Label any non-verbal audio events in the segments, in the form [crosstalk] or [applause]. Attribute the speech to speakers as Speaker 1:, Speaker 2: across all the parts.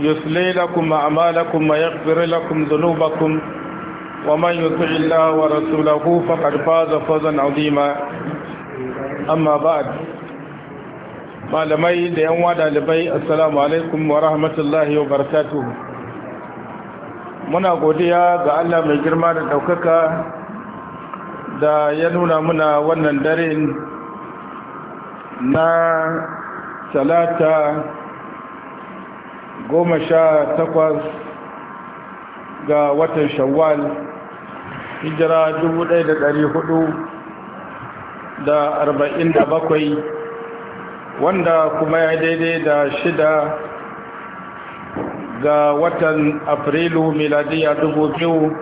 Speaker 1: يصلي لكم أعمالكم ويغفر لكم ذنوبكم ومن يطع الله ورسوله فقد فاز فوزا عظيما أما بعد malamai da yan wada libai assalamu alaikum wa rahmatullahi wa barakatuh muna godiya ga Allah mai girma da daukaka da ya nuna muna wannan dare na talata goma sha takwas ga watan shawwal hijira dubu ɗaya da ɗari hudu da arba'in da bakwai wanda kuma ya daidai da shida ga watan afrilu miladiya dubu biyu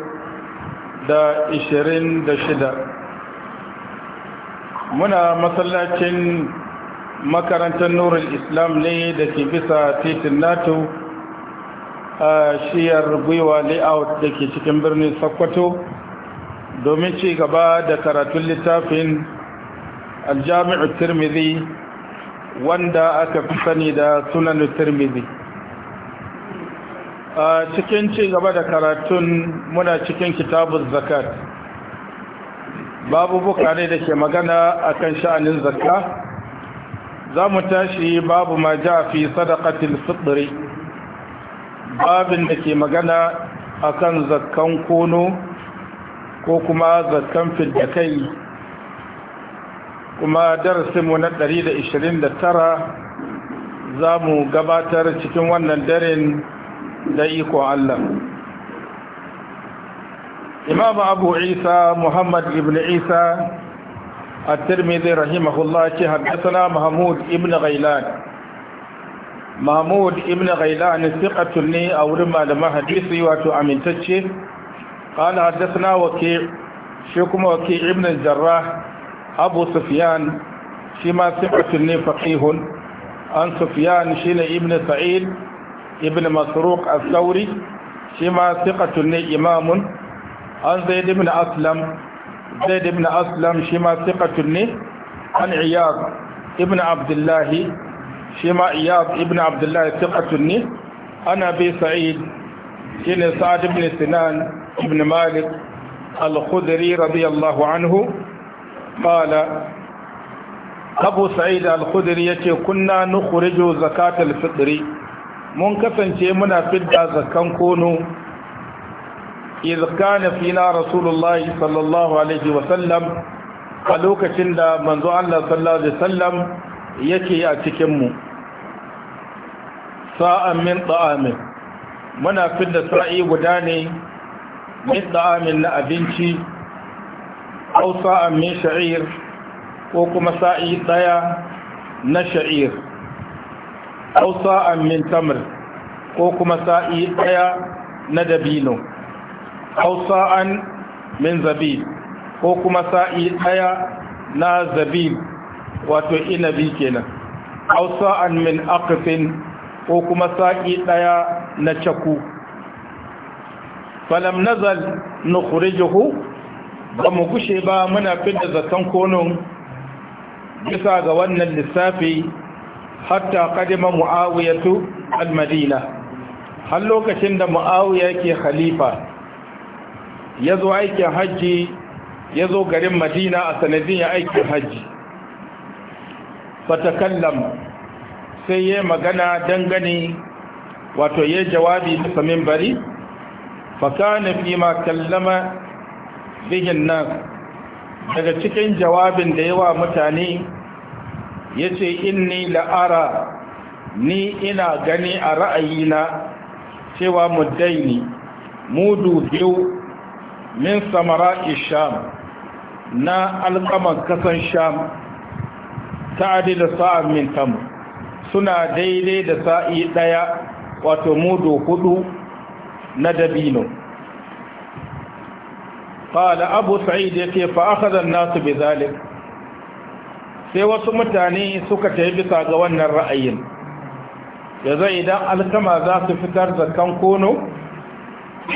Speaker 1: da ishirin da shida muna masallacin makarantar nurul islam ne da ke bisa titin nato a shiyar gwiwa layout da ke cikin birnin sokoto domin ci gaba da karatun littafin aljami'u turmizi wanda aka fi sani da sunan turmizi a cikin ci gaba da karatun muna cikin kitabun zakat babu bukane da ke magana akan sha'anin zakka za mu tashi babu ma ja fi sadaqatil fitri babin da ke magana akan zakkan kono ko kuma zakkan fidda kai kuma darasinmu na 129 za mu gabatar cikin wannan daren da iko Allah imam abu isa muhammad ibn isa الترمذي رحمه الله حدثنا محمود ابن غيلان محمود ابن غيلان ثقة لي أو رمى لما حديثي واتو أمين تتشي قال حدثنا وكيع شكم وكيع ابن الجراح أبو سفيان شما ثقة لي فقيه عن سفيان شين ابن سعيد ابن مسروق الثوري شما ثقة لي إمام عن زيد بن أسلم zaid ibn aslam shi ma thiqatun an iyad ibn abdullah shi ma iyad ibn abdullah thiqatun ne ana bi sa'id ibn malik al-khudri radiyallahu anhu qala abu sa'id al ya ce kunna nukhriju zakatal fitri mun kasance muna fidda zakan kono إذ كان فينا رسول الله صلى الله عليه وسلم قالوك تند منذ الله صلى الله عليه وسلم يكي أتكم ساء من طعام منا في السرعي وداني من طعام لأبنشي أو ساء من شعير وكما ساعي ضيا نشعير أو ساء من تمر وكما ساعي ضيا ندبينه aw sa'an min zabib ko kuma sa'i ɗaya na zabib wato inabi kenan aw sa'an min aqfin ko kuma sa'i ɗaya na chaku falam nazal nukhrijuhu ba mu kushe ba muna fidda zaton konon bisa ga wannan lissafi hatta kadima mu'awiyatu al-madina har lokacin da mu'awiya ke khalifa ya zo aikin hajji ya zo garin madina a ya aikin hajji fatakallam sai ya magana dangane wato ya jawabi bisa mimbari fakana fi ma kallama bihin nan daga cikin jawabin da yawa mutane ya ce inni la'ara ni ina gani a ra'ayina cewa mudaini mudu biyu min samara isham na alƙaman kasan sham ta da min tam suna daidai da sa'i ɗaya wato mudu hudu na dabino ƙada abu sa'id ya ce fa'akazan nasu bi sai wasu mutane suka ta bisa ga wannan ra'ayin ya zai idan alkama za su fitar da kan kono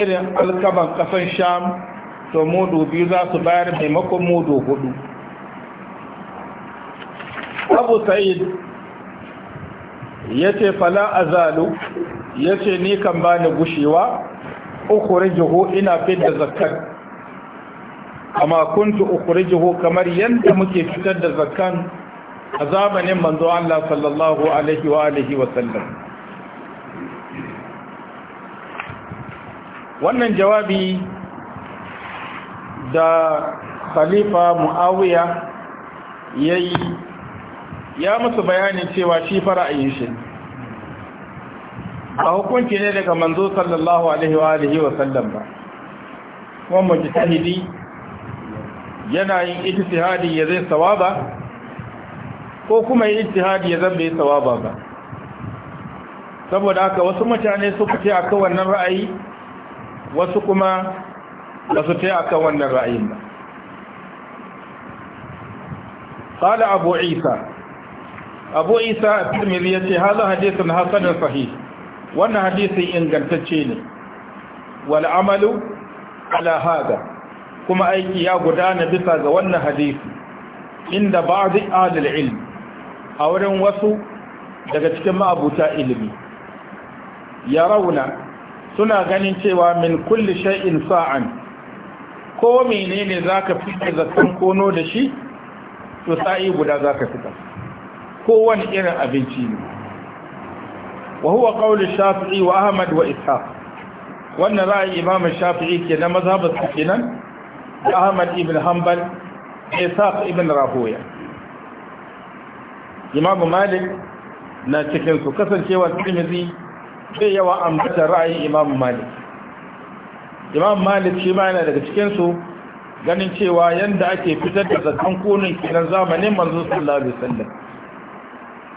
Speaker 1: irin alkaman ƙasan sham to mudu biyu za su bayar maimakon mudu hudu abu sa'id ya ce fala azalu ya ce ni kan bani gushewa ukurijihu ina fidda zakkan amma kuntu ukurijihu kamar yadda muke fitar da zakkan a zamanin manzo Allah sallallahu alaihi wa alihi wa sallam wannan jawabi da khalifa muawiya yayi ya musu bayanin cewa shi fara'ayin shi a hukunci ne daga manzo sallallahu alaihi wa alihi wa sallam ba kuma mujtahidi yana yin ijtihadi ya zai sawaba ko kuma yin ijtihadi ya zan bai sawaba ba saboda haka wasu mutane suka ce akan wannan ra'ayi wasu kuma ba su taya kan wannan ra'ayin ba qala abu isa abu isa tirmidhi yace hadha hadithun hasan sahih wannan hadisin ingantacce ne wal amalu ala hada kuma aiki ya gudana bisa ga wannan hadisi inda ba'd ahlul ilm a wurin wasu daga cikin ma'abuta ilimi yarawna suna ganin cewa min kulli shay'in sa'an ko menene za ka fita zaton kono da shi to sa'i guda za ka fita Ko Wani irin abinci ne wa huwa qawli shafi'i wa ahmad wa ishaq wannan ra'ayi imam shafi'i ke na mazhabin su kenan da ahmad ibn hanbal ishaq ibn rahoya imam malik na cikin su kasancewa tirmidhi sai yawa ambata ra'ayin imam malik imam malik shi ma yana daga cikinsu ganin cewa yadda ake fitar da zakan kunin kiran zamanin manzo sallallahu alaihi wasallam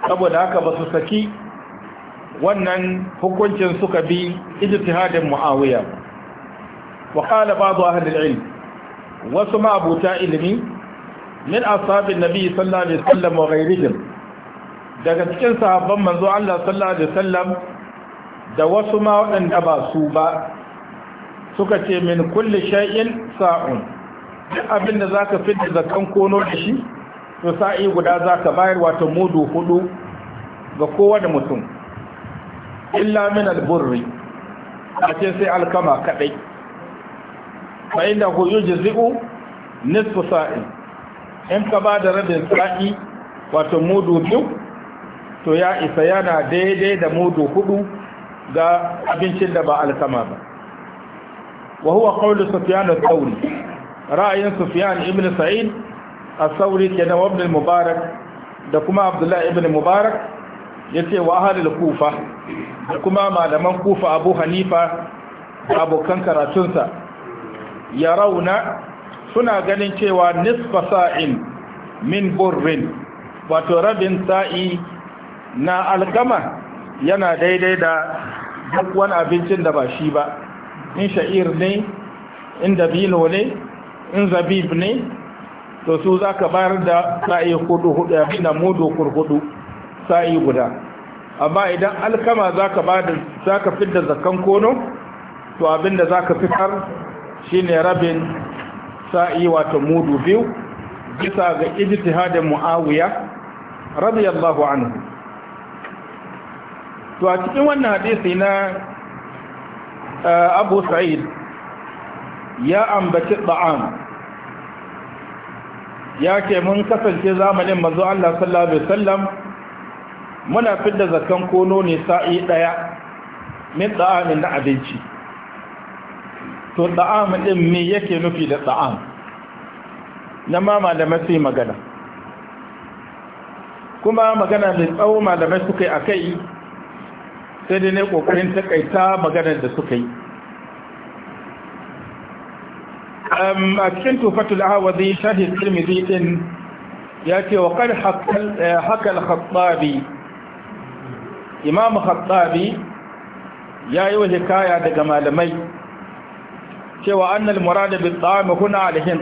Speaker 1: saboda haka ba su saki wannan hukuncin suka bi ijtihadin muawiya wa qala ba'd ahli al-ilm wasu ma abuta ilimi min ashabin nabi sallallahu alaihi wasallam wa ghayrihim daga cikin sahabban manzo Allah sallallahu alaihi wasallam da wasu ma waɗanda ba su ba suka ce min kulle shay'in sa'un duk abin da zaka fitar zakan kono da shi to sa'i guda zaka bayar wato mudu hudu ga kowane mutum illa min alburri a ce sai alkama kaɗai. fa inda ku yujzi'u nisfu sa'i in ka ba da rabin sa'i wato mudu biyu to ya isa yana daidai da mudu hudu ga abincin da ba alkama ba wa huwa qawlu sufyan al-thawri ra'ayin sufyan ibn sa'id al-thawri kenan wa ibn al-mubarak da kuma abdullah ibn mubarak yace wa ahlul kufa da kuma malaman kufa abu hanifa abokan karatunsa ya rauna suna ganin cewa nisfa sa'in min burrin wato rabin sa'i na alkama yana daidai da duk wani abincin da ba shi ba in sha'ir ne in dabilo ne in zabib ne to su za ka bayar da sa'i hudu hudu abin da mudu kurhudu sa'i guda amma idan alkama za ka za ka fidda zakan kono to abin da za ka fitar shine rabin sa'i wato mudu biyu bisa ga hadin muawiya radiyallahu anhu to a cikin wannan hadisi na abu sa'id ya ambaci ba'am ya ke mun kasance zamanin manzo Allah sallallahu alaihi wasallam muna fidda zakan kono ne sa'i daya min da'amin na abinci to da'am ɗin me yake nufi da Ɗa'am na ma malamai sai magana kuma magana mai tsawo malamai suka yi kai. sai dai ne kokarin takaita maganar da suka yi a cikin tufatul ahawazi shahid tirmidhi din ya ce wa kar hakal khattabi imam khattabi ya yi wa hikaya daga malamai cewa annal murada bi tsami huna alhin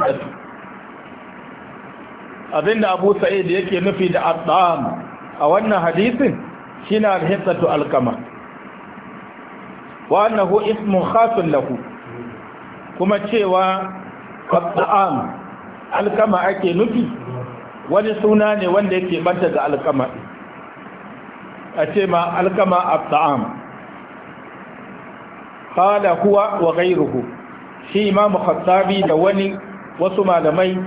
Speaker 1: abinda abu sa'id yake nufi da addam a wannan hadisin shine alhin tsatu alkama wa annahu ismun khasun lahu kuma cewa qatta'am alkama ake nufi wani suna ne wanda yake banta ga alkama a ce ma alkama abta'am qala huwa wa ghayruhu shi imamu khattabi da wani wasu malamai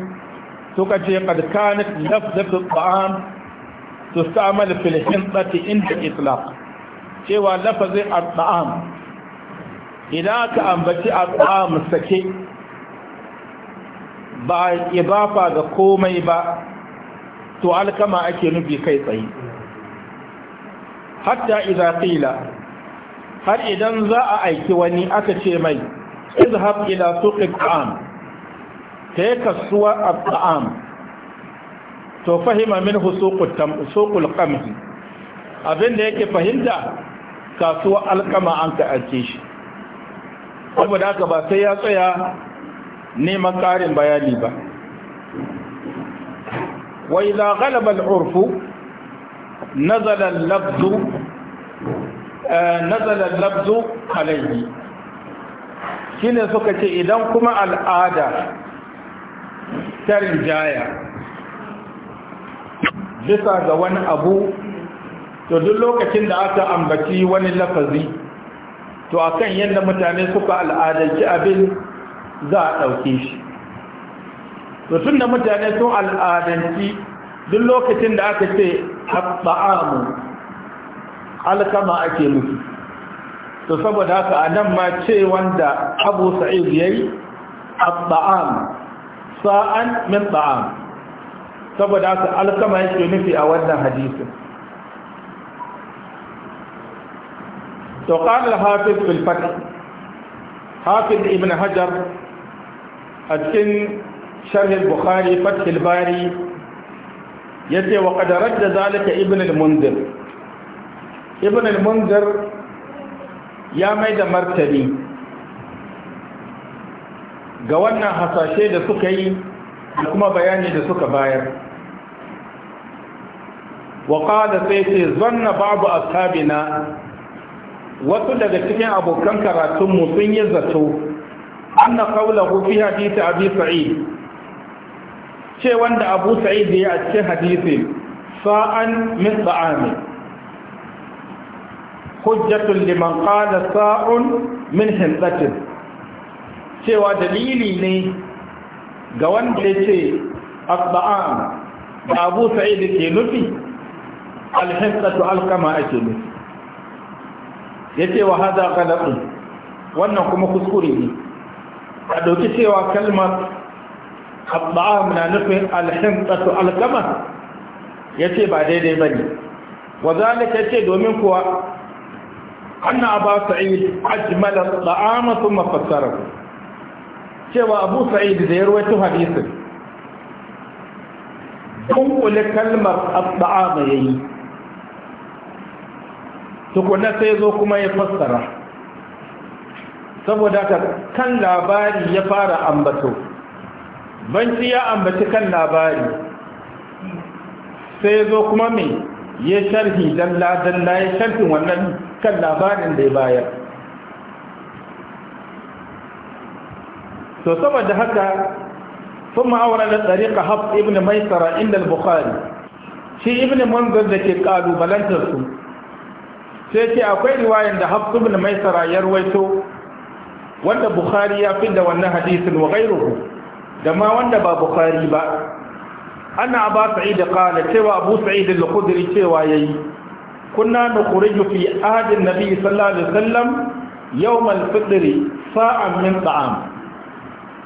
Speaker 1: suka ce qad kanat lafzatu ta'am tustamal fil hintati inda itlaq cewa lafazin abta'am idan aka ambaci at'am sake ba ibafa ga komai ba to alkama ake nufi kai tsaye hatta idan fila, har idan za a aiki wani aka ce mai izhab ila suq at'am kai kasuwa at'am to fahima minhu suqut tam suqul qamhi abinda yake fahimta kasuwa alkama an ka aike shi saboda haka ba sai ya tsaya neman ƙarin bayani ba wai za galabar urfu nazalar labzu eh, alayhi shi ne suka ce idan kuma al'ada ta rinjaya bisa ga wani abu to duk lokacin da aka ambaci wani lafazi to a kan yadda mutane suka al'adarci abin za a ɗauke shi to tun da mutane sun al'adanci duk lokacin da aka ce haɓa'amu alkama ake nufi to saboda haka a nan ma ce wanda abu sa'id ya yi sa'an min ba'am saboda haka alkama yake nufi a wannan hadisin to qala al-hafiz ibn hajar a cikin sharh al-bukhari fath al-bari yace wa qad radda zalika ibn munzir ibn munzir ya mai da martani ga wannan hasashe da suka yi da kuma bayani da suka bayar wa qala sai ce zanna babu ashabina wasu daga cikin abokan karatunmu sun yi zato anna qawluhu fi hadisi abi sa'id ce wanda abu sa'id ya a cikin hadisi sa'an min sa'ami hujjatun liman qala sa'un min hinsatin cewa dalili ne ga wanda ya ce asba'an da abu sa'id ke nufi alhinsatu alkama ake nufi ce wa hada qalatun wannan kuma kuskure ne a ɗauki cewa kalmar at-ta'am na nufin al-hintatu alkama. Ya yace ba daidai ba ne. zalika ce domin kuwa anna aba sa'id ajmala at-ta'ama cewa abu sa'id da ya rawaito hadisin dunkule kalmar at ya yi. tukuna sai zo kuma ya fassara saboda ka kan labari ya fara ambato banci ya ambaci kan labari sai zo kuma mai ya sharhi dalla-dalla ya sharhin wannan kan labarin da ya bayar to saboda haka sun ma'aura da tsarika haf ibn maisara inda al-bukhari shi ibn manzar da ke ƙalubalantarsu sai ce akwai riwayan da hafsu bin maisara ya ruwaito wanda bukhari ya fi da wannan hadisin wa gairuhu da ma wanda ba bukhari ba ana aba sa'id qala cewa abu sa'id al-khudri cewa yayi kunna nukhriju fi ahadin nabi sallallahu alaihi wasallam yawm al-fitr sa'an min ta'am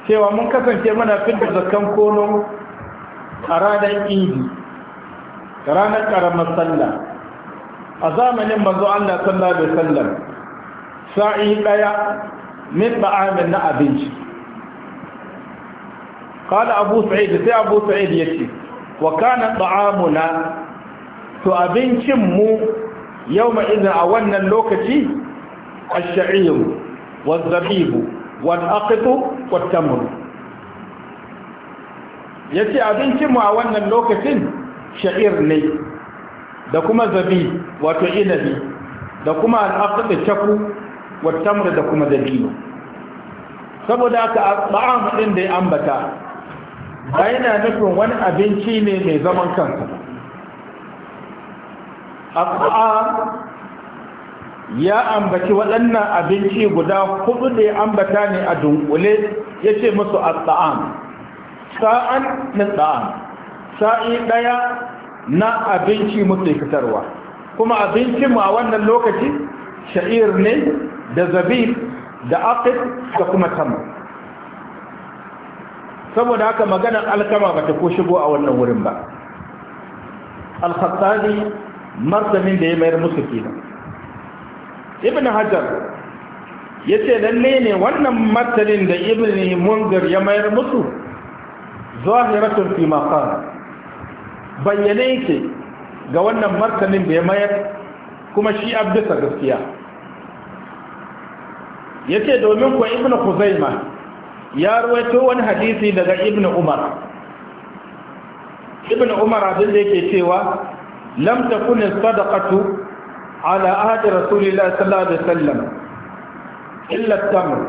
Speaker 1: cewa mun kasance muna fitar zakan kono a ranar idi ranar karamar sallah a zamanin manzo Allah sallallahu alaihi wasallam sa'i daya min ba'amin na abinci qala abu sa'id sai abu sa'id yace wa kana ta'amuna to abincin mu yawma idan a wannan lokaci ash-sha'ir waz-zabib wal-aqt wat-tamr yace abincin mu a wannan lokacin sha'ir ne da kuma zabi wato inabi da kuma al'afir da caku watamar da kuma dabino saboda aka ba'an din da ya ambata ba yana nufin wani abinci ne mai zaman kansa a ya ambaci waɗannan abinci guda hudu da ya ambata ne a dunkule ya ce musu a sa'an sa'an na sa'an sa'i ɗaya na abinci muke fitarwa kuma abincin a wannan lokaci sha'ir ne da zabib da aqid da kuma tamu saboda haka maganar alkama ba ta ko shigo a wannan wurin ba al-khattabi martanin da ya mayar musu kenan ibn hajar ya ce lalle ne wannan martanin da ibn munzir ya mayar musu zahiratun fi maqam bayyane yake ga wannan martanin da ya mayar kuma shi abdisa gaskiya ya ce domin kuwa ibn kuzaima ya ruwaito wani hadisi daga ibn umar ibn umar abin da yake cewa lam takun sadaqatu ala ahdi rasulillah sallallahu alaihi wasallam illa tamr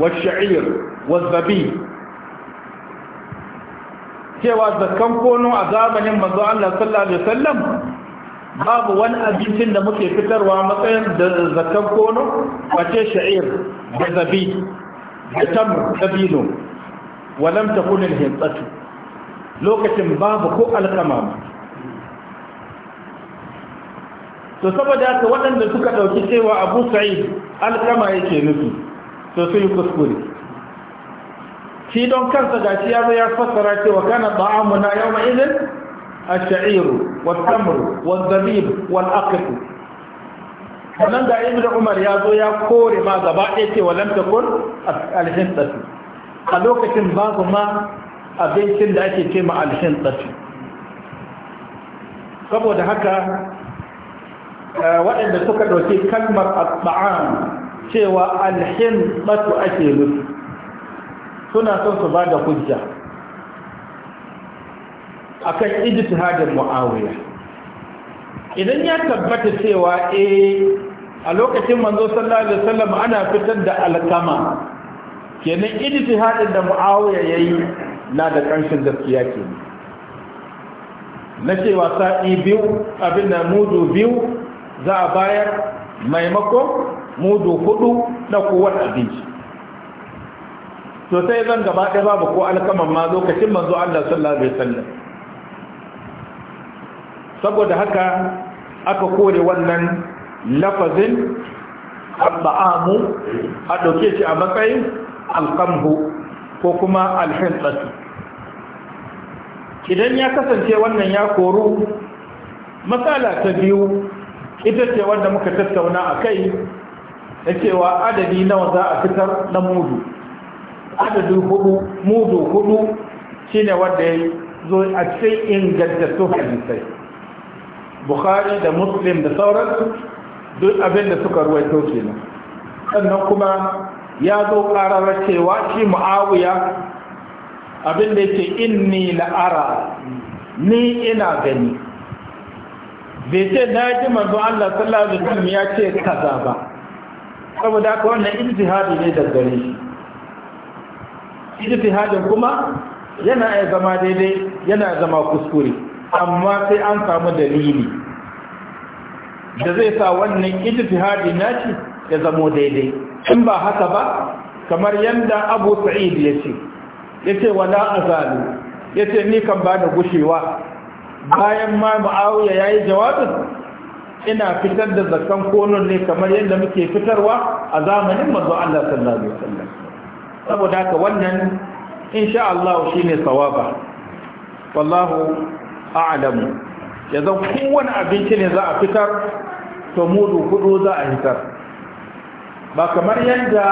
Speaker 1: والشعير والزبيب cewa zakkan kono a zamanin manzo Allah sallallahu alaihi wasallam babu wani abincin da muke fitarwa matsayin da zakan kono wace sha'ir da zabi da tamr dabino walam takun al-himsatu lokacin babu ko alkama to saboda haka waɗanda suka ɗauki cewa abu sa'id alkama yake nufi to sun yi kuskure shi don kansa ga shi ya zo ya fassara cewa kana ta'amuna yawma idin a shairu wat-tamru waz-zabib wal-aqq sannan ga ibnu umar ya zo ya kore ma gaba ɗaya cewa lam takun Alhin hintatu a lokacin babu ma abincin da ake ce ma al-hintatu saboda haka eh, waɗanda suka ɗauki kalmar al cewa Alhin hintatu ake nufi suna son su ba da hujja akan ijtihadin muawiya idan ya tabbata cewa e a lokacin manzo sallallahu alaihi wasallam ana fitar da alkama kenan ijtihadin da ya yayi na da ƙarshen gaskiya kenan na cewa sa'i biyu abin da mudu biyu za a bayar maimakon mudu hudu na kowane abinci to sai zan gaba ɗaya babu ko alkaman ma lokacin manzo Allah sallallahu alaihi wasallam saboda haka aka kore wannan lafazin abba'amu a ɗauke shi a matsayin alkamhu ko kuma alhintsatu idan ya kasance wannan ya koru matsala ta biyu ita ce wanda muka tattauna a kai na cewa adadi nawa za a fitar na mudu adadin hudu mudu hudu shine wanda ya zo a cikin ingantattun hadisai bukhari da muslim da sauransu duk abin da suka ruwaito kenan sannan kuma ya zo ƙararra cewa shi mu'awiya abin da yake inni la'ara ni ina gani bai ce na ji manzo Allah sallallahu alaihi wasallam ya ce kaza ba saboda haka wannan ijtihadi ne da gare shi ijtihadin kuma yana ya zama daidai yana zama kuskure amma sai an samu dalili da zai sa wannan ijtihadin nashi ya zamo daidai in ba haka ba kamar yanda Abu Sa'id ya yace yace wala azalu yace ni kan ba da gushewa bayan ma Muawiya yayi jawabin ina fitar da zakan konon ne kamar yadda muke fitarwa a zamanin manzo Allah sallallahu alaihi wasallam saboda haka wannan insha Allah shine sawaba wallahu a'lamu yanzu kowane abinci ne za a fitar to mudu hudu za a fitar ba kamar yadda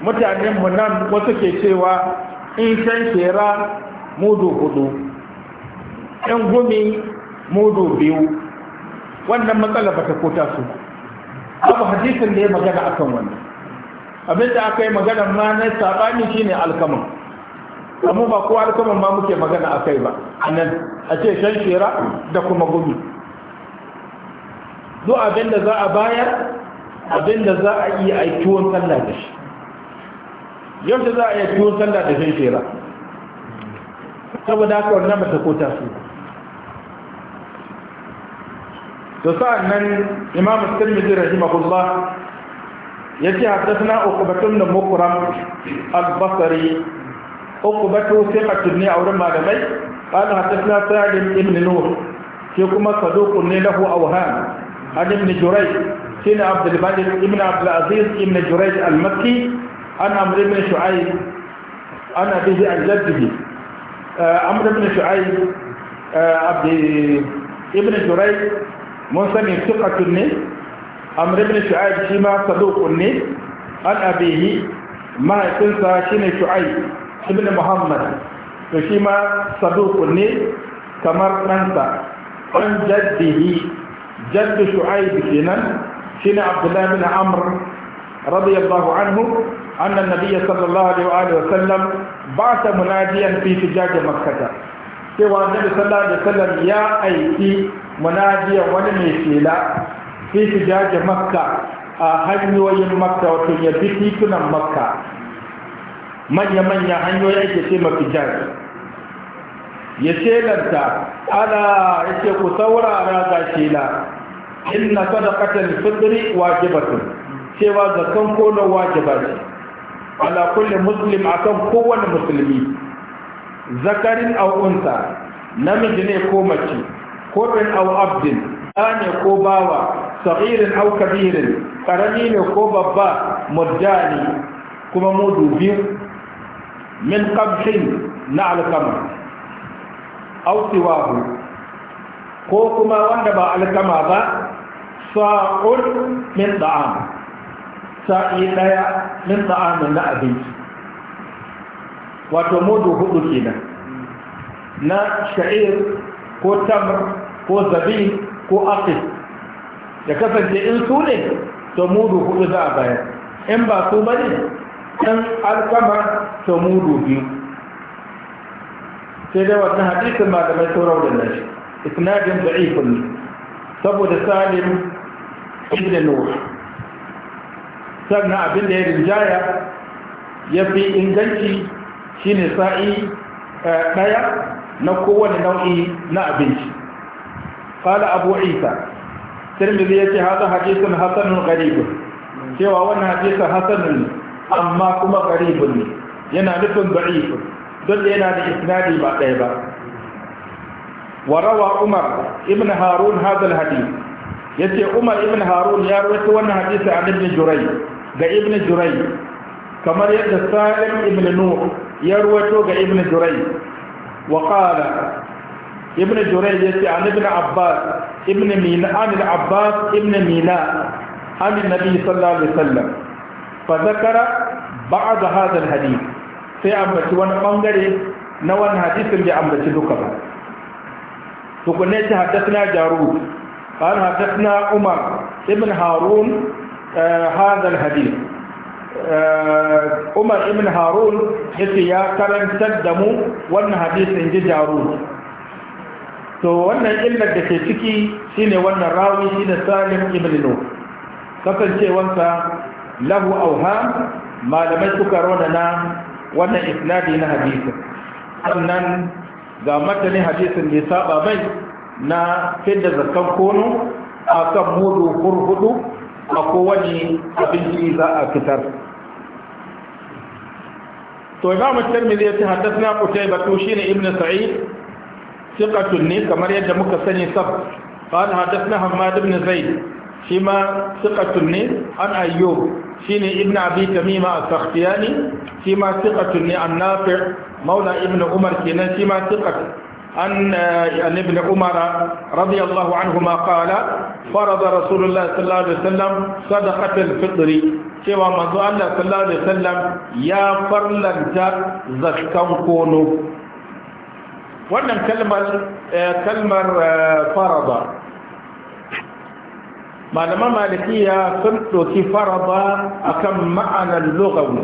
Speaker 1: mutanenmu nan wasu ke cewa in shan shera mudu hudu in gumi mudu biyu wannan matsala ba ta kota su abu hadisin da ya magana akan wannan abinda aka yi magana ma na saɓani shine alkaman amma ba kowa alkaman ma muke magana a kai ba a nan a ce shan shera da kuma gumi duk abinda za a bayar abinda za a iya a tuwon sallah da shi yau za a iya tuwon sallah da shan shera saboda haka wannan mata ta su to sa'an nan Imamu imam tirmidhi rahimahullah yake haddasa uqbatun da mukram al-basri uqbatu sifatun ni auran malamai qala haddasa sa'id ibn nur shi kuma saduqun ne lahu awhan hadi ibn juray shi ne abdul badir ibn abdul aziz ibn juray al-makki an amr ibn shu'aib an abihi an jaddihi amr ibn shu'aib abdi ibn juray mun sami sifatun ne amr ibn shu'aib shi ma saduqun ne an abihi mahaifinsa ne shu'aib ibn muhammad to shi ma saduqun ne kamar ɗansa an jaddihi jaddu shu'aib kenan ne abdullahi bin amr radiyallahu anhu أن النبي صلى الله عليه وآله وسلم بعث مناديا في فجاج مكة cewa annabi sallallahu alaihi wasallam ya aiki munadiya wani mai shela fi fijaje makka a hanyoyin makka wato ya bi titunan makka manya-manya hanyoyi ake ce mafi jari ya lanta ana ya ce ku saura na in shela inna sadaqatal fitri wajibatun cewa zakan kono wajiba ne. ala kulli muslim akan kowane musulmi zakarin aukunta namiji ne ko mace ko bin au abdin ɗane ko bawa sagirin au kabirin karami ne ko babba mujjani kuma mudu biyu min qabshin na alkama au siwahu ko kuma wanda ba alkama ba sa'un min da'am sa'i daya min da'amin na abinci wato mudu hudu kenan na sha'ir ko tamr ko zabi ko aqis ya kasance in su ne to mudu hudu za a bayar in ba su ba ne ɗan alkama to mudu biyu sai dai wannan hadisin malamai sauran da nashi isnadin da'ifun ne saboda salim ibn nur sannan abin da ya rinjaya ya fi inganci shine sa'i eh, ɗaya na kowane nau'i na abinci قال أبو عيسى tirmidhi yace hada hadisin hasanun gharibun cewa wannan hadisin hasanun amma kuma gharibun ne yana nufin da'if don yana da isnadi ba ɗaya ba wa rawa umar ibn harun hada alhadith yace umar ibn harun ya rawaito wannan hadisi an ibn juray ga ibn juray kamar yadda salim ibn nuh ya rawaito ga ibn juray wa qala ibn jurai ya ce an ibn abbas ibn mina an abbas ibn mina an nabi sallallahu alaihi wasallam fa zakara ba'd hadha alhadith sai ambaci wani bangare na wani hadisin bai ambaci duka ba tukunne قال حدثنا عمر ابن هارون آه هذا الحديث Umar ibn Harun eh, eh, yace ya karantar da mu wannan hadisin ji Jarud to wannan illar da ke ciki shine wannan rawi shine salim ibn nu kasancewansa lahu auha malamai suka rona na wannan isnadi na hadisin sannan ga matani hadisin mai saba mai na fidda zakan kono akan kan mudu hurhudu a kowane abinci za a fitar to imamu tirmidhi ya ce qutaybah shine ibn sa'id ثقة كما يد مكسني سب قال حدثنا حماد بن زيد شما ثقة عن أيوب شين ابن أبي تميمة السختياني شما ثقة عن نافع مولى ابن عمر كنا شما ثقة عن عن ابن عمر رضي الله عنهما قال فرض رسول الله صلى الله عليه وسلم صدقة الفطر cewa manzo Allah sallallahu alaihi wasallam ya farlanta zakkan kono wannan kalmar eh, kalmar eh, farada malaman malikiya sun ɗauki farada akan ma'anar lugawi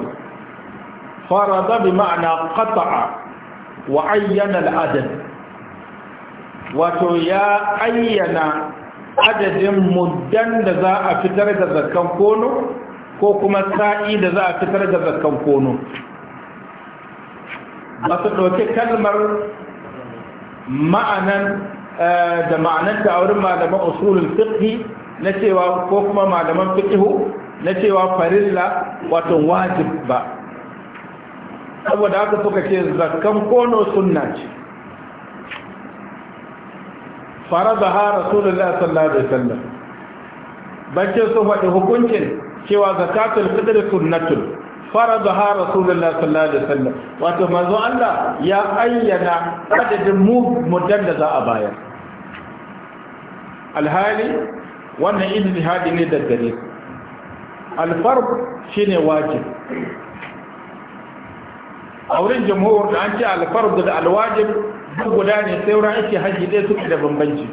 Speaker 1: farada bi ma'ana qata'a wa ayyana al'adad wato ya ayyana adadin muddan da za a fitar da zakkan kono ko kuma sa'i da za a fitar da zakkan kono ba su ɗauki kalmar ma'anan eh, da ma'ananta a wurin malaman usulul fiqhi na cewa ko kuma malaman fiqhu na cewa farilla wato wajib ba saboda haka suka ce zakkan kono sunna ce farada ha rasulullahi sallallahu alaihi wasallam bace su faɗi hukuncin cewa zakatul fitr sunnatul faradaha rasulullah sallallahu alaihi wasallam wato manzo Allah ya ayyana adadin mudan da za a bayar alhali wannan hadi ne da gare alfarq shine wajib a wurin da an ce alfarq da alwajib duk guda ne sai wurin ake haji dai suke da bambanci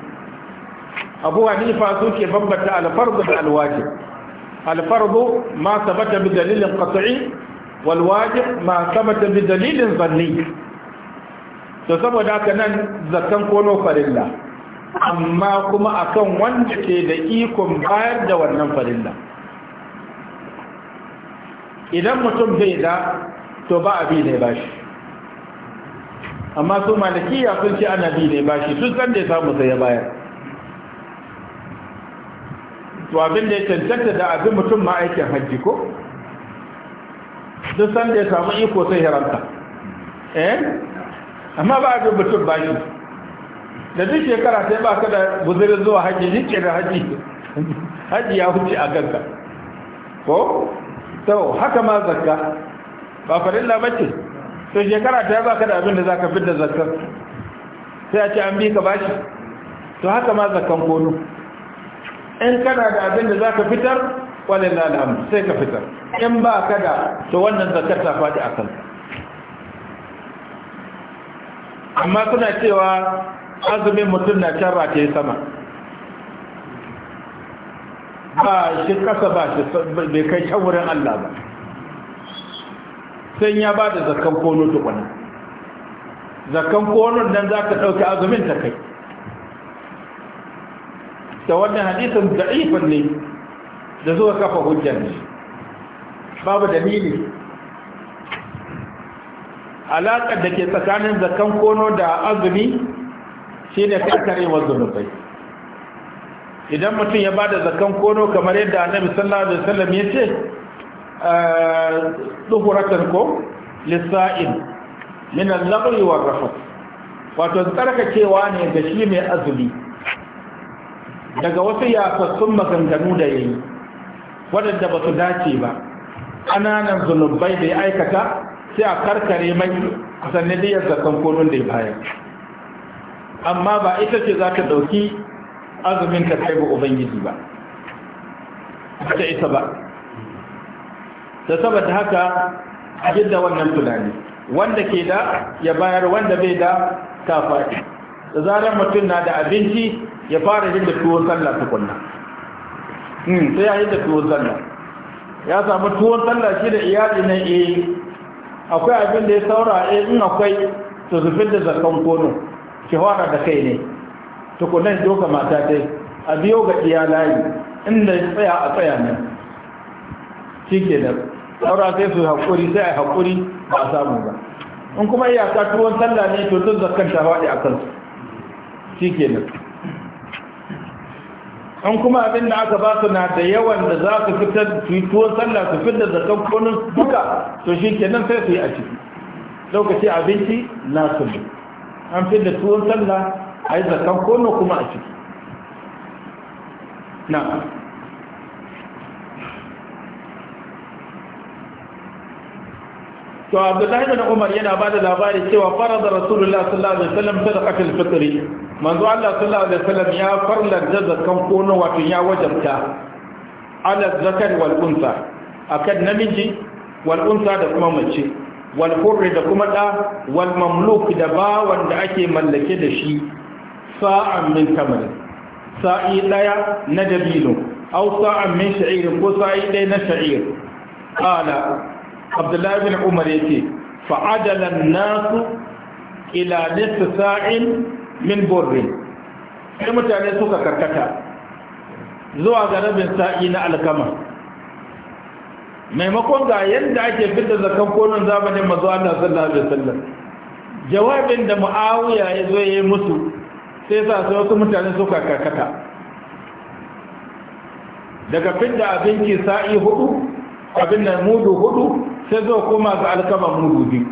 Speaker 1: abu hanifa suke bambanta alfarq da alwajib الفرض ما ثبت بدليل قطعي والواجب ما ثبت بدليل ظني to saboda haka nan zakan kono farilla amma kuma akan wanda ke da ikon bayar da wannan farilla idan mutum bai da to ba abi ne bashi amma su malikiya sun ce ana bi ne bashi sun san da ya samu sai bayar to abin da ya cancanta da abin mutum ma aikin hajji ko duk sanda ya samu iko sai haramta eh amma ba abin mutum ba shi da duk shekara sai ba ka da buzurin zuwa hajji ke da hajji hajji ya huce a ganka ko to haka ma zakka ba farilla bace to shekara ta ba ka da abin da zaka fitar zakkar sai a ce an bi ka bashi to haka ma zakkan kono in kana da abin da zaka fitar walil alhamd sai ka fitar in ba ka da to wannan zakar ta fadi a kanka amma kuna cewa azumin mutum na can rataye sama ba shi kasa ba shi bai kai can wurin Allah ba sai ya ba da zakan kono tukuna zakan kono nan za ka ɗauki azumin ta kai da wannan hadisin da'ifin ne da zuwa kafa hujjar ne babu dalili alaƙar da ke tsakanin zakan kono da azumi shine karkarewar zunubai idan mutum ya ba da zakan kono kamar yadda annabi sallallahu alaihi wasallam ya ce duhuratan ah, ko lissa'in min al-lagwi wa rafath wato tsarkakewa ne ga shi mai azumi daga wasu yafassun maganganu da yayi yi waɗanda ba su dace ba ƙananan zunubai da ya aikata sai a karkare mai a yadda kan da ya baya amma ba ita ce za ta ɗauki azumin ka kai ba ubangiji ba ta isa ba da saboda haka a da wannan tunani wanda ke da ya bayar wanda bai da ta faɗi da zarar mutum na da abinci ya fara yin da tuwon sallah tukunna hmm sai ya yi da tuwon sallah ya samu tuwon sallah shi da iyali na eh akwai abin da ya saura eh in akwai to zufin da zakan kono ki fara da kai ne tukunan doka mata dai a biyo ga iyalayi inda ya tsaya a tsaya ne shi ke da saura sai su haƙuri sai a haƙuri ba a samu ba in kuma iyaka tuwon sallah ne to tun zakan ta faɗi a kansu shi ke nan an kuma abin da aka ba su na da yawan da za su fitar su yi tuwon sallah su fitar da kankonin duka to shi ke nan sai su yi a ciki lokaci abinci na su ne an fi da tuwon sallah a yi zakan kono kuma a ciki na to abdullahi da umar yana ba da labari cewa fara da rasulullah sallallahu alaihi wasallam kafin fitri manzo Allah sallallahu alaihi wasallam ya farlanta zakan kono wato ya wajabta ala zakar wal unsa akan namiji wal unsa da kuma mace wal hurri da kuma da wal mamluk da bawan da ake mallake da shi sa'an min tamr sa'i daya na dabino aw sa'an min sha'ir ko sa'i daya na sha'ir qala abdullahi bin umar yake fa'adala an-nasu ila nisf sa'in min burri sai mutane suka karkata zuwa ga rabin sa'i na alkama maimakon ga yadda ake fitar zakan konon zamanin mazu Allah sallallahu alaihi wasallam jawabin da mu'awiya ya zo ya yi musu sai sa sai wasu mutane suka karkata daga fidda abinci sa'i hudu abin da mudu hudu sai zo koma ga alkama mudu biyu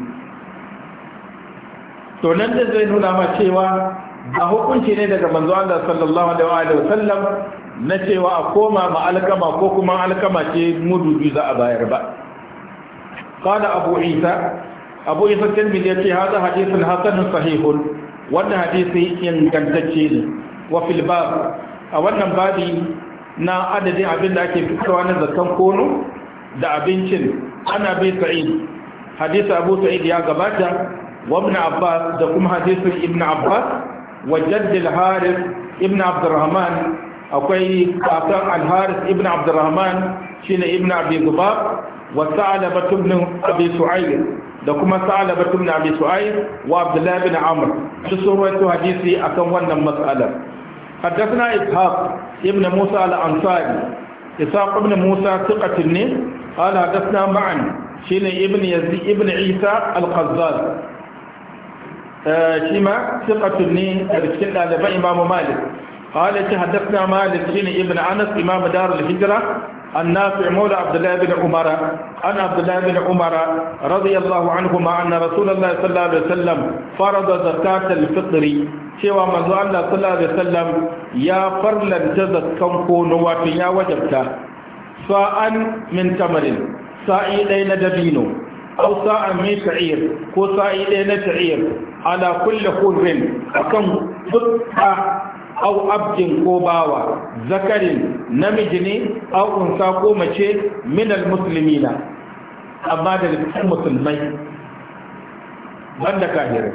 Speaker 1: to nan da zai nuna ma cewa ga hukunci ne daga manzo Allah sallallahu alaihi wa sallam na cewa a koma ma alkama ko kuma alkama ce mudu biyu za a bayar ba qala abu isa abu isa tirmidhi yace hada hadithun hasanun sahihun wannan hadisi gantacce ne wa fil bab a wannan babi na adadin abin da ake fitarwa na zakan kono da abincin ana bai sa'id hadisi abu sa'id ya gabata wa ibn abbas da kuma hadisin ibn abbas وجد الحارث ابن عبد الرحمن أكوي كاكان الحارث ابن عبد الرحمن شين ابن أبي ذباب وثعلبة ابن أبي سعيد da kuma sa'alaba ibn abi su'ayb wa abdullah ibn amr su surwatu hadisi akan wannan mas'alar حدثنا إسحاق ابن موسى الأنصاري إسحاق ابن موسى ثقة قال حدثنا معا شين ابن يزيد ابن عيسى القزاز Eh, shi ma siƙatun ne daga cikin ɗaliban imamu malik قال تحدثنا مالك بن ابن انس امام دار الهجره عن نافع مولى عبد الله بن عمر عن عبد الله بن عمر رضي الله عنهما ان رسول الله صلى الله عليه وسلم فرض زكاه الفطر cewa manzo Allah sallallahu alaihi wasallam ya farlanta zakkan kono wato ya wajabta sa'an min tamarin sa'i dai na dabino aw sa'an min ta'ir ko sa'i ɗaya na ta'ir ala kulli hurrin akan dukka aw abdin ko bawa zakarin namiji ne aw unsa ko mace min al-musulmi almuslimina amma da cikin musulmai banda kafirai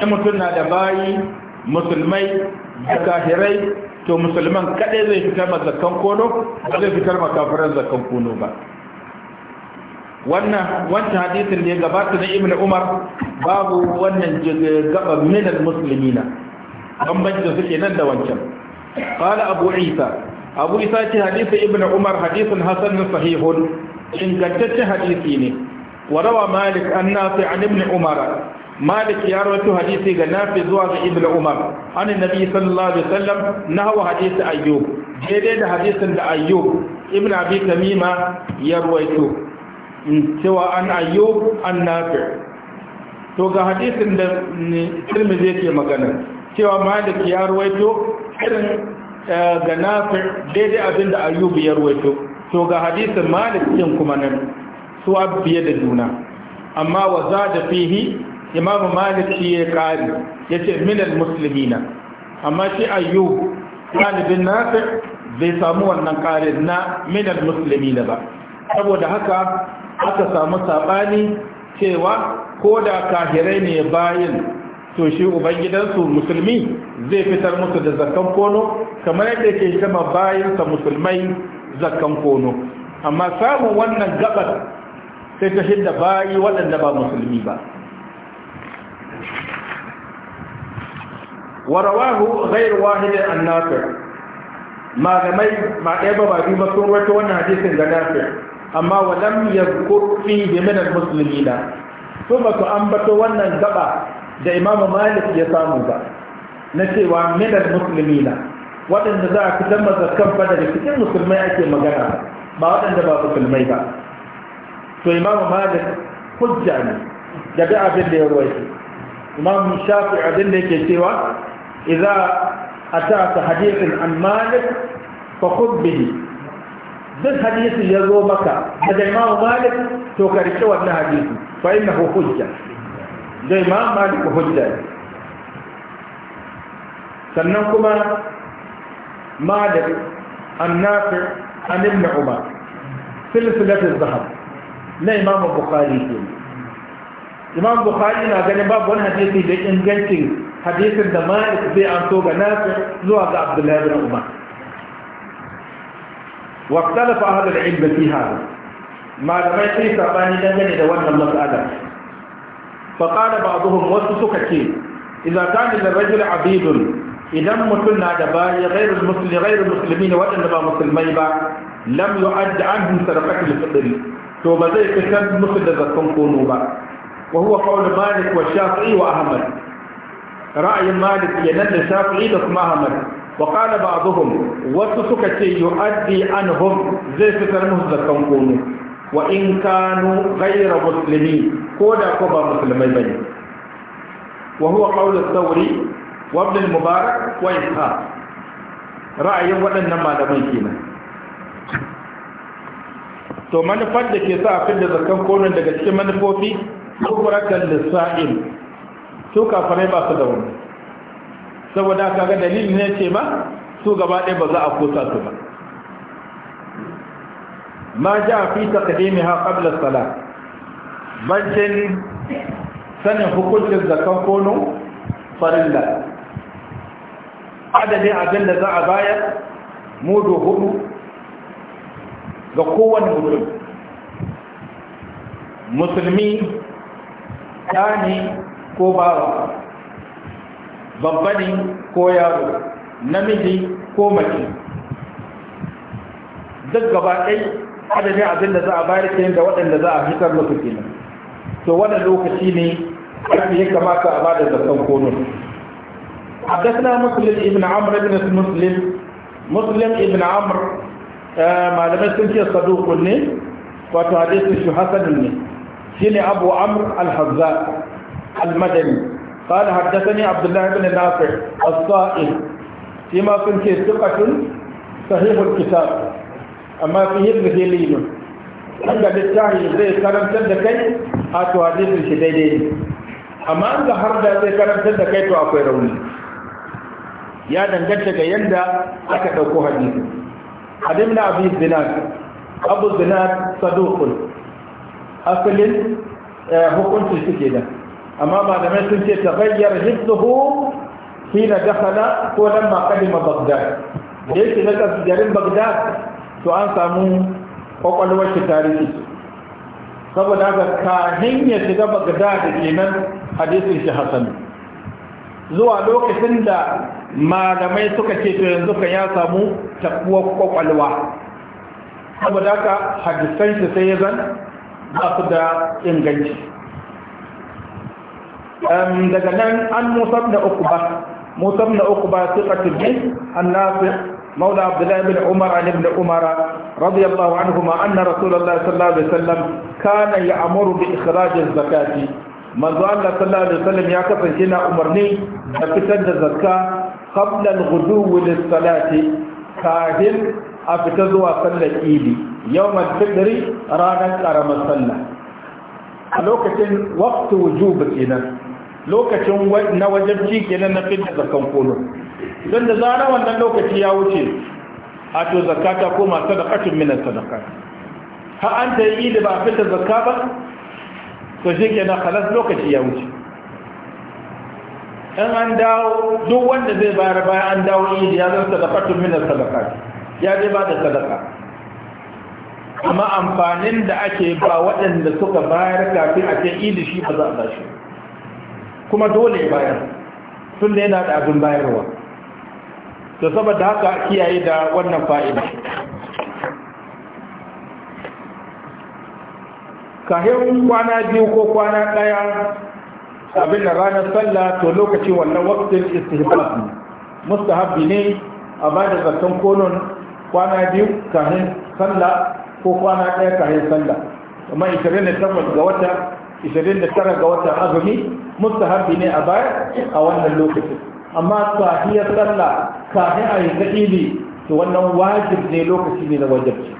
Speaker 1: sai mutum na da bayi musulmai da kafirai to musulman kadai zai fitar ma zakkan kono ba zai fitar ma kafiran zakkan kono ba wannan wancan hadisin da ya gabata na ibn umar babu wannan gaba minal musulmina bambanci da suke nan da wancan qala abu isa abu isa ce hadisin ibn umar hadisin hasan sahihun ingantacce hadisi ne wa rawa malik an nafi an ibn umar malik ya rawaito hadisi ga nafi zuwa ga ibn umar an nabi sallallahu alaihi wasallam nahwa hadisi ayyub daidai da hadisin da ayyub ibn abi tamima ya rawaito cewa an ayyub an nafi to ga hadisin da tirmidhi yake magana cewa malik ya ruwaito irin eh, ga nafi daidai abin da ayyub ya ruwaito to ga hadisin malik din kuma nan su abbiye da juna amma wa zada fihi imam malik shi ya kari yace min al muslimina amma shi ayyub ɗalibin nafi bai samu wannan ƙarin na minal musulmina ba saboda haka aka samu saɓani cewa ko da kahirai ne bayin to shi ubangidansu musulmi zai fitar musu da zakan kono kamar yadda ke bayan bayansa musulmai zakan kono amma samun wannan gabar sai ta shidda bayi waɗanda ba musulmi ba warawahu ghairu wahidin an-nafi malamai ma ɗaya ba ba biyu ba sun rawaito wannan hadisin ga nafi amma walam da fihi min na to ba ku ambato wannan gaba da Imam Malik ya samu ba na cewa min almuslimina waɗanda za a fitar mazakkan fada da cikin musulmai ake magana ba waɗanda ba musulmai ba to Imam Malik hujja ne da bi abin da ya shi Imam Shafi abin da yake cewa idza أتاك حديث Malik. مالك فخذ به duk hadisi ya zo maka daga imamu malik to ka rike wannan hadisi fa innahu hujja da imamu malik hujja sannan kuma malik annafi an ibn umar silsilatul zahab na imamu bukhari ke imam bukhari na ganin babu wani hadisi da ingancin hadisin da malik zai an so ga nafi zuwa ga abdullahi bin umar واختلف أهل العلم في هذا ما لم يكن سباني دنجل إذا وانا المسألة فقال بعضهم وسسكتي إذا كان للرجل عبيد إذا متنا دبايا غير المسلم غير المسلمين وأن با مسلمين با لم يعد عنهم سرقة الفطر تو بزي كتاب مسلم ذاتكم كونوا با وهو قول مالك والشافعي وأحمد رأي مالك ينال الشافعي لكم أحمد wa qala ba'dhum wasu suka ce yu'addi anhum zai fitar musu zakan kono wa in kanu ghayra muslimi ko da ko ba musulmai bane wa huwa qawlu thawri wa ibn al-mubarak wa ishaq ra'ayin waɗannan malaman kenan to manufar da ke sa a fidda zakan konon daga cikin manufofi kukuratan lissa'in su kafarai ba su da wani saboda kaga dalilin ne ce ma su gaba ɗaya ba za a kosa su ba ma ja fi taqdimiha qabla salat bancin sanin hukuncin zakan kono farilla adadin abin da za a bayar mudu hudu ga kowane mutum musulmi ɗani ko bawa babba ne ko yaro namiji ko mace duk gaba ɗai adadin abin da za a bayar ke da waɗanda za a fitar musu to wannan lokaci ne ƙarfi ya kamata a bada zakan konon حدثنا مسلم ابن عمرو بن مسلم مسلم ابن عمرو malamai sun ce sadukun ne wato hadisun shi ne shi ne abu amur al-hazza al-madani قال حدثني عبد الله بن نافع الصائل فيما كنت ثقة صحيح الكتاب أما فيه الغليل عند التاهي زي كلام تدكي أتو حديث الشديدين أما عند حرد زي كلام تدكي تو أكو روني يا دنجت جيندا أكتوكو حديث حدمنا أبي الزناد أبو الزناد صدوق أصل حكمت الشديدين amma malamai sun ce ta tabayyar hifzuhu na dafana ko nan lamma kadima bagdad da yake na garin bagdad to an samu kwakwalwar shi tarihi saboda haka kahin ya shiga bagdad kenan hadisin shi hasan zuwa lokacin da malamai suka ce to yanzu ka ya samu takuwar kwakwalwa saboda haka hadisan shi sai ya zan ba su da inganci daga nan an musab na uku ba musab na uku ba su ƙasirgin an nafi مولى Abdullahi bin Umar, عمر عن ابن عمر رضي الله عنهما أن رسول الله صلى الله عليه وسلم كان يأمر بإخراج الزكاة manzo Allah sallallahu alaihi wasallam ya kasance na umarni da fitar da zakka qabla al-ghuduw lis-salati kafin a fita zuwa sallar idi yawmal fitri ranar karamar sallah a lokacin waqtu wujub kenan lokacin na wajen kenan na fitar zakan kono don da zarar wannan lokaci ya wuce a to ko masu da sadaqatun minar sadaka ha an ta yi ili ba fitar zakka ba to shi na khalas lokaci ya wuce ɗan an dawo duk wanda zai bayar bayan an dawo idi ya zan sadaqatun minar sadaka ya zai ba da sadaka amma amfanin da ake ba waɗanda suka bayar kafin a ce ili shi ba za a ba shi kuma dole ya bayar sun da yana da abin bayarwa to saboda haka kiyaye da wannan fa'ida kahin kwana biyu ko kwana ɗaya abin da ranar sallah to lokaci wannan waktin istihbab ne mustahabbi ne a bada da zaton konon kwana biyu kahin ko kwana ɗaya kahin sallah amma 28 ga wata 29 ga watan azumi bi ne a baya a wannan lokacin amma sahiyar sallah kafin a yi ta'ili to wannan wajib ne lokaci ne na wajabci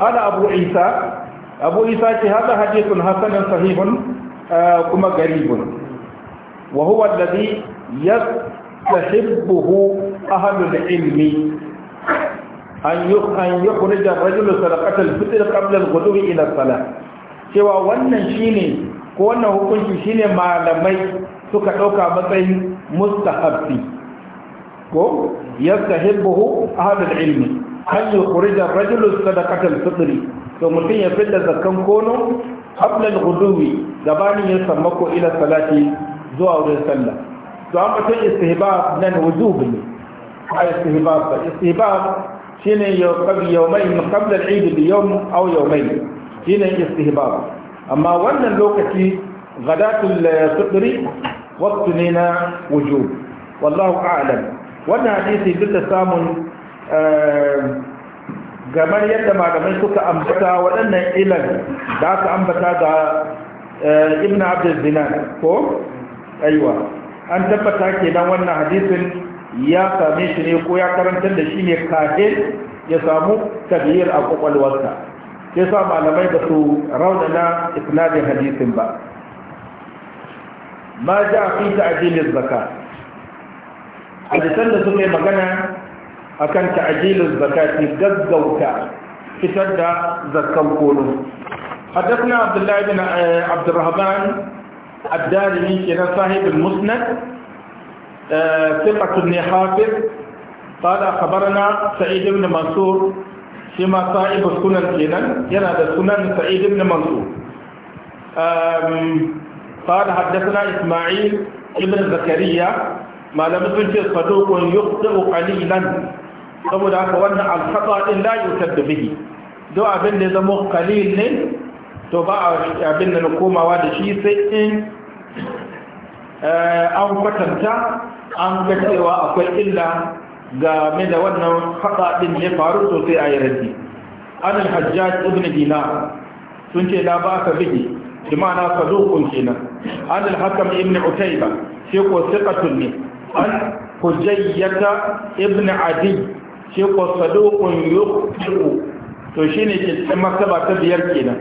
Speaker 1: ana abu isa abu isa ce haka hadithun hasanin sahihun eh, kuma garibun wa huwa alladhi yastahibbuhu ahlul ilmi an yukhrij ar-rajulu sadaqata fitr qabla al ila as-salah cewa wannan shine ko wannan hukunci shine malamai suka ɗauka matsayin mustahabbi ko yastahibbuhu ahlul ilmi an yukhrija ar-rajulu sadaqata al-fitri to mutum ya fitta zakkan kono qabla al-ghuduwi gabanin ya sammako ila salati zuwa wurin sallah to an batun istihbab nan wujubi ne a istihbab ba istihbab shine yau qabla yawmayn qabla al-eid bi yawm aw yawmayn shinen istihbab amma wannan lokaci ghadatul sudri waqtu ne na wujub wallahu a'lam wannan hadisi duk da samun eh, gamar yadda malamai suka ambata waɗannan ilan da aka ambata ga eh, ibn abdul ko aiwa an tabbata kenan wannan hadisin ya same shi ne ko ya karantar da shi ne kafin ya samu tabiyar a kwakwalwarsa ya sa malamai ba su raunana isnadin hadisin ba ma ja fi ta'jilin zaka hadisan da suka yi magana akan ta'jilin zakati gaggauta fitar da zakkan kono حدثنا عبد الله بن عبد الرحمن الدارمي كان صاحب المسند ثقة بن حافظ قال أخبرنا سعيد بن منصور shi ma sa'ibu sunan kenan yana da sunan sa'id ibn mansur um, قال isma'il إسماعيل zakariya زكريا ما لم تنشئ صدوق يخطئ قليلا saboda haka wannan alkhata din la da bihi do abin da zamo kalil ne to ba abin da na komawa da shi sai in an kwatanta an ga cewa akwai illa game da wannan fada din ya faru sosai a yaradi an al-hajjaj ibn dinar sun ce la ba ka bihi bi ma'ana saduqun kenan an al-hakam ibn utayba shi ko thiqatun ne an hujayyata ibn adi shi ko saduqun yuqtu to shine ke cikin martaba ta biyar kenan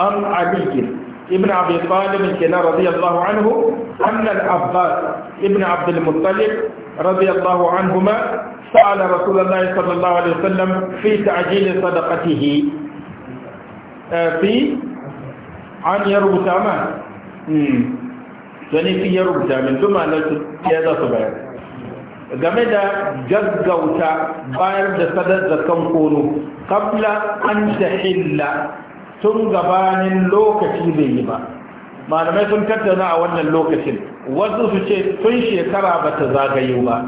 Speaker 1: an Ibn ابن أبي طالب كنا رضي الله عنه أن العباس ابن عبد المطلب رضي الله عنهما سأل رسول الله صلى الله عليه وسلم في تعجيل صدقته في عن يربط ما يعني في يربط من ثم ya za su game da gaggauta bayar da sadar da kan kono kabla an ta tun gabanin lokaci bai yi ba malamai sun tattauna a wannan lokacin wasu su ce tun shekara ba ta zagayo ba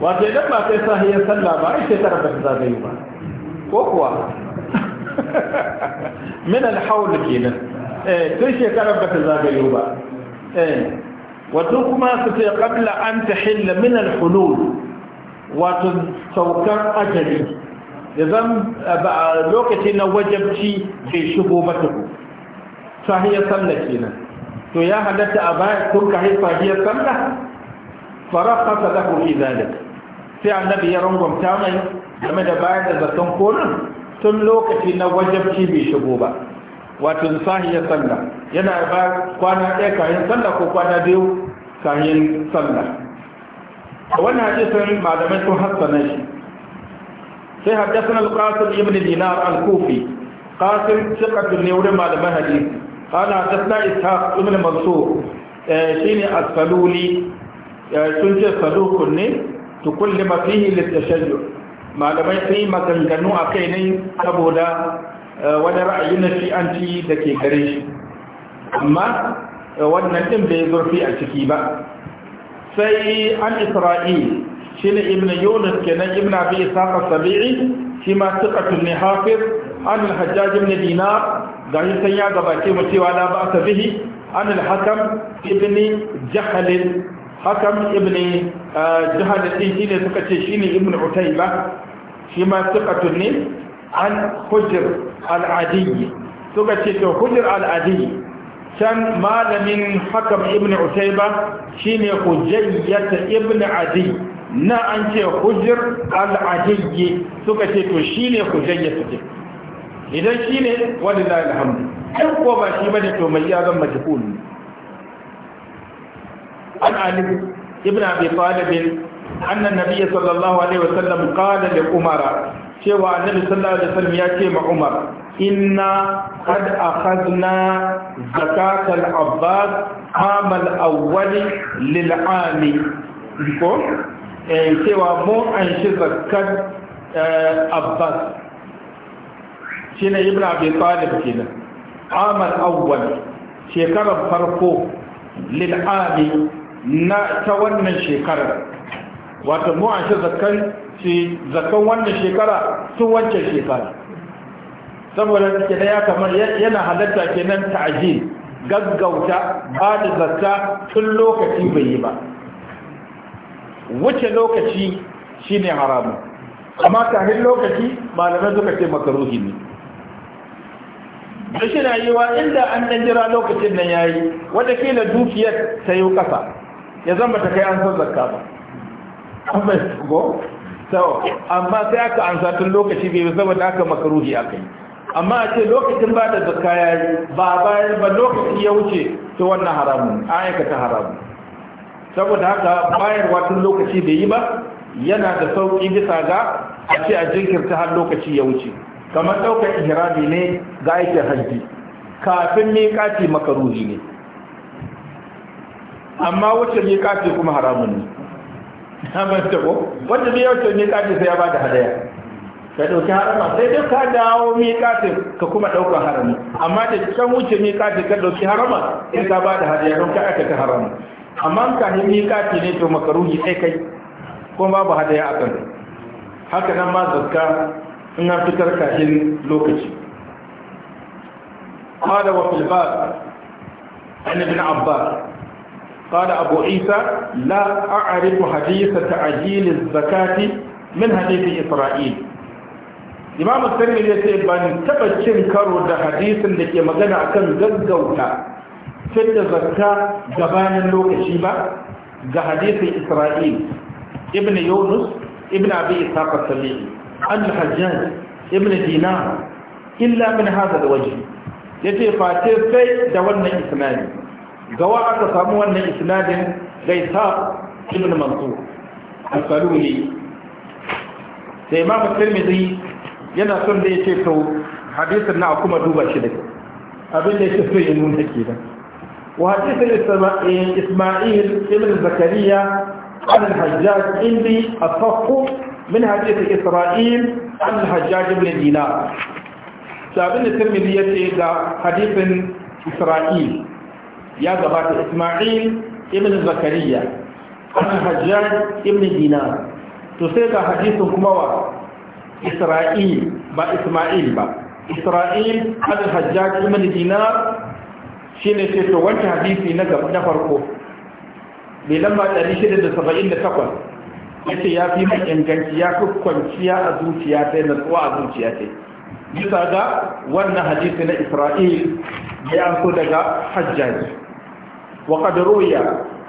Speaker 1: wato idan ba sai sahiyar sallah ba ai shekara ba ta zagayo ba ko kuwa [laughs] min alhaul kenan eh tun shekara ba ta zagayo ba eh wato kuma su ce qabla an tahilla min alhulul wato saukar ajali idan ba lokaci na wajabci bai shigo ba tukun sahiyar sallah kenan to ya halatta a bayan kurka hai sahiyar sallah farakasa da kuri zalik sai annabi ya ta mai game da bayan da zaton korin tun lokaci na wajabci bai shigo ba wato sahiyar sallah yana ba kwana ɗaya kayan sallah ko kwana biyu kayan sallah wannan hadisin malamai sun hassana shi sai haddasan al-qasim ibn dinar al-kufi qasim thiqatun ne wurin malaman hadisi قال حدثنا إسحاق ابن ce شيني الصلولي سنجي kulli تكلم فيه للتشيع malamai sun yi maganganu a kai ne saboda wani ra'ayi na shi'anci da ke gare shi amma wannan ɗin bai zurfi a ciki ba sai an isra'il shi ne ibn yunus kenan ibn abi isaqa sabi'i shi ma siqatun ne hafiz an al-hajjaj ibn dinar gashi san ya gabace mu cewa la ba'sa bihi an al-hakam ibn jahl hakam ibn eh, jahl din shine suka ce shine ibn utayba shi ma siqatun ne an hujr al-adi suka ce to hujr al-adi can malamin hakam ibn utayba shine hujayyat ibn adi na an ce hujjar al'ajiyyi suka ce to shi ne hujjayya suke idan shi ne wani na alhamdu ɗan ko ba shi bane to mai mace majihulu an alif ibn abi talibin annan nabiya sallallahu alaihi wasallam qala li umara cewa annabi sallallahu alaihi wasallam ya ce ma umar inna qad akhadna zakatal abbas amal awwali lil ami ko Eh, cewa mun an shi zakar eh, abbas shi ne ibn abi talib kenan amal awwal shekarar farko lil'ami na ta wannan shekarar Wata mu an shi zakar shi zakan wannan shekara tun wancan shekara saboda kenan ya kamar yana halatta kenan ta'ajin gaggauta ba da zakka tun lokaci bai yi ba wuce lokaci shi ne haramun amma kahin lokaci malamai suka ce makaruhi ne da shi na wa inda an dan jira lokacin nan yayi ke kila dukiyar ta yi kasa ya zama ta kai an san zakka ba go amma sai aka an tun lokaci bai saboda aka makaruhi akai kai. amma a ce lokacin ba da zakka yayi ba bayan ba lokaci ya wuce ta wannan haramun ayyuka ta haramun saboda haka bayar watan lokaci bai yi ba yana da sauƙi bisa ga a ce a jinkirta har lokaci ya wuce kamar ɗaukar ihrami ne ga aikin hajji kafin Miƙaci makaruhi ne amma wuce miƙaci kuma haramun ne hamar ta ko wanda ya wuce miƙaci sai ya ba da hadaya ka ɗauki harama sai duk ka dawo miƙaci ka kuma ɗaukar harami amma da can wuce miƙaci ka ɗauki harama sai ka ba da hadaya don ka aikata harama amma ka ne ce ne to makaruhi sai kai ko babu hadaya a haka nan ma zakka in an fitar kafin lokaci fil bab الباب ibn abbas qala abu isa la a'rifu hadith ta'jil az-zakati min hadith Isra'il. imam at-tirmidhi yace ban taɓa cin karo da hadisin da ke magana akan gaggauta fidda zakka gabanin lokaci ba ga hadisin isra'il ibn yunus ibn abi ishaq as-salih al-hajjaj ibn dinar illa min hadha al-wajh yace fa sai da wannan isnadin wa aka samu wannan isnadin ga ishaq ibn mansur al-saluli sai imam tirmidhi yana son da yace to hadisin na kuma duba shi da abin da yake so ya nuna kenan وحديث إسماعيل ابن زكريا عن الحجاج عندي الصف من حديث إسرائيل عن الحجاج بن دينار شابين الترمذي يتي حديث إسرائيل يا زبات إسماعيل ابن زكريا عن الحجاج ابن دينار تسيد حديث كموا إسرائيل با إسماعيل با إسرائيل عن الحجاج ابن دينار shi ne ce to wancan hadisi na gaba na farko mai lamba takwas? ya ce ya fi mai inganci ya fi kwanciya a zuciya ta yi natsuwa a zuciya ta yi bisa ga wannan hadisi na isra'il ya an so daga hajjaji wa kadaruwa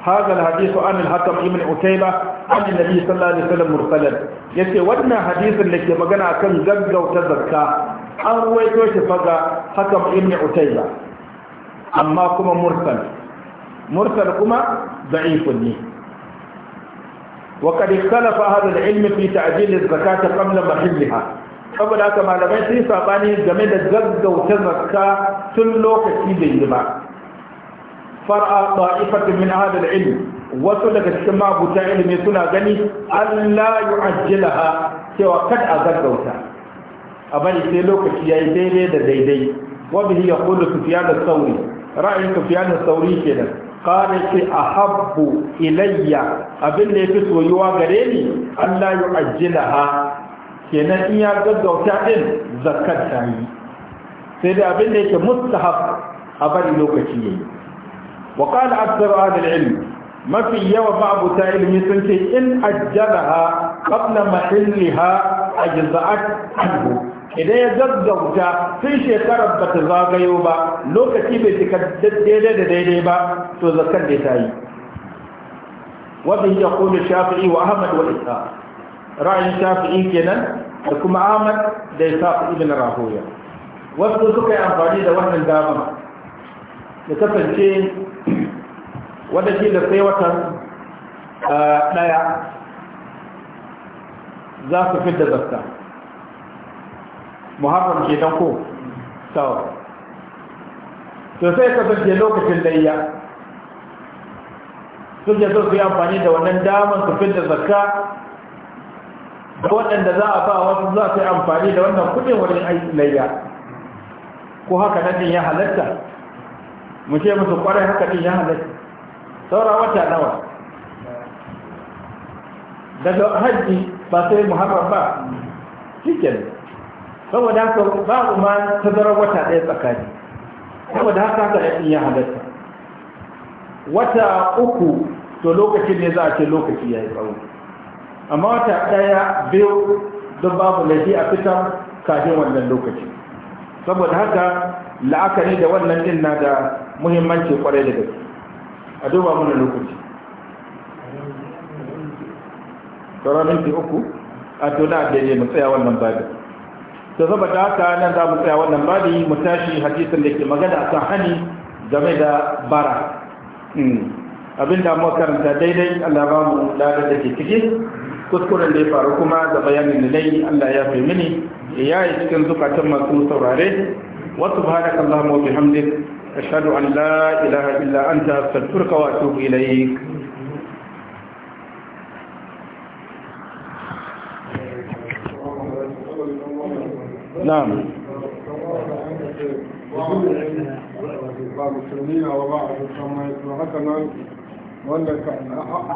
Speaker 1: hazal hadisu an al-hakam ibn utayba an nabi sallallahu alaihi wasallam mursalan yace wannan hadisin da ke magana akan gaggauta zakka an ruwaito shi faga hakam ibn utayba amma kuma mursal mursal kuma da'ifun ne wa qad ikhtalafa ahli al-ilm fi ta'jil az-zakati qabla saboda haka malamai sun sabani game da gaggauta zakka tun lokaci da yi ba far'a da'ifatun min ahli al-ilm wasu daga cikin mabuta ilimi suna gani Allah yu'ajjilaha cewa kad a gaggauta a bari sai lokaci yayi daidai da daidai wa bihi yaqulu sufyan da sauri. ra'ayin sufyan sauri kenan qala ki ahabbu ilayya abin da yafi soyuwa gare ni Allah ya ha kenan in ya gaggauta din zakat ta yi sai da abin da yake mustahab a bari lokaci yayi wa qala aktharu ahli al-ilm mafi yawa ta ilimi sun ce in ajjalaha qabla mahalliha ajza'at anhu idan ya gaggauta tun shekarar ba ta zagayo ba lokaci bai cika daidai da daidai ba to zakar da ta yi wadda ya kone shafi'i wa ahmad wa isa ra'ayin shafi'i kenan da kuma ahmad da isa ibn rahoya wasu suka yi amfani da wannan damar da kasance wadda shi da sai watan daya eh, za su fi da zakka muharram ke nan ko sau to sai kasance lokacin layya sun ya zo su yi amfani da wannan damar su fi da zakka da waɗanda za a ba wasu za su yi amfani da wannan kudin wurin aiki layya ko haka nan din ya halatta mu ce musu kwarai haka din ya halatta saura wata nawa daga hajji ba sai muharram ba shi kenan saboda haka ba ma tazarar wata ɗaya tsakani saboda haka haka ɗin ya halatta wata uku to lokacin ne za a ce lokaci ya yi tsawo amma wata ɗaya biyu don babu laifi a fitan kafin wannan lokaci saboda haka la'akari da wannan din na da muhimmanci kwarai da gaske a duba mana lokaci sauran minti uku a tona a daidai mu tsaya wannan babin to saboda haka nan za mu tsaya wannan bari mu tashi hadisin da ke magana akan hani game da bara hmm. abin da mu karanta daidai Allah ba mu da ke cikin kuskuren da ya faru kuma da bayanin da dai Allah ya fi mini ya yi cikin zukatan masu saurare wa subhanaka allahumma wa bihamdik ashhadu an la ilaha illa anta astaghfiruka wa atubu ilaik نعم وبعض المسلمين وبعض ولا كان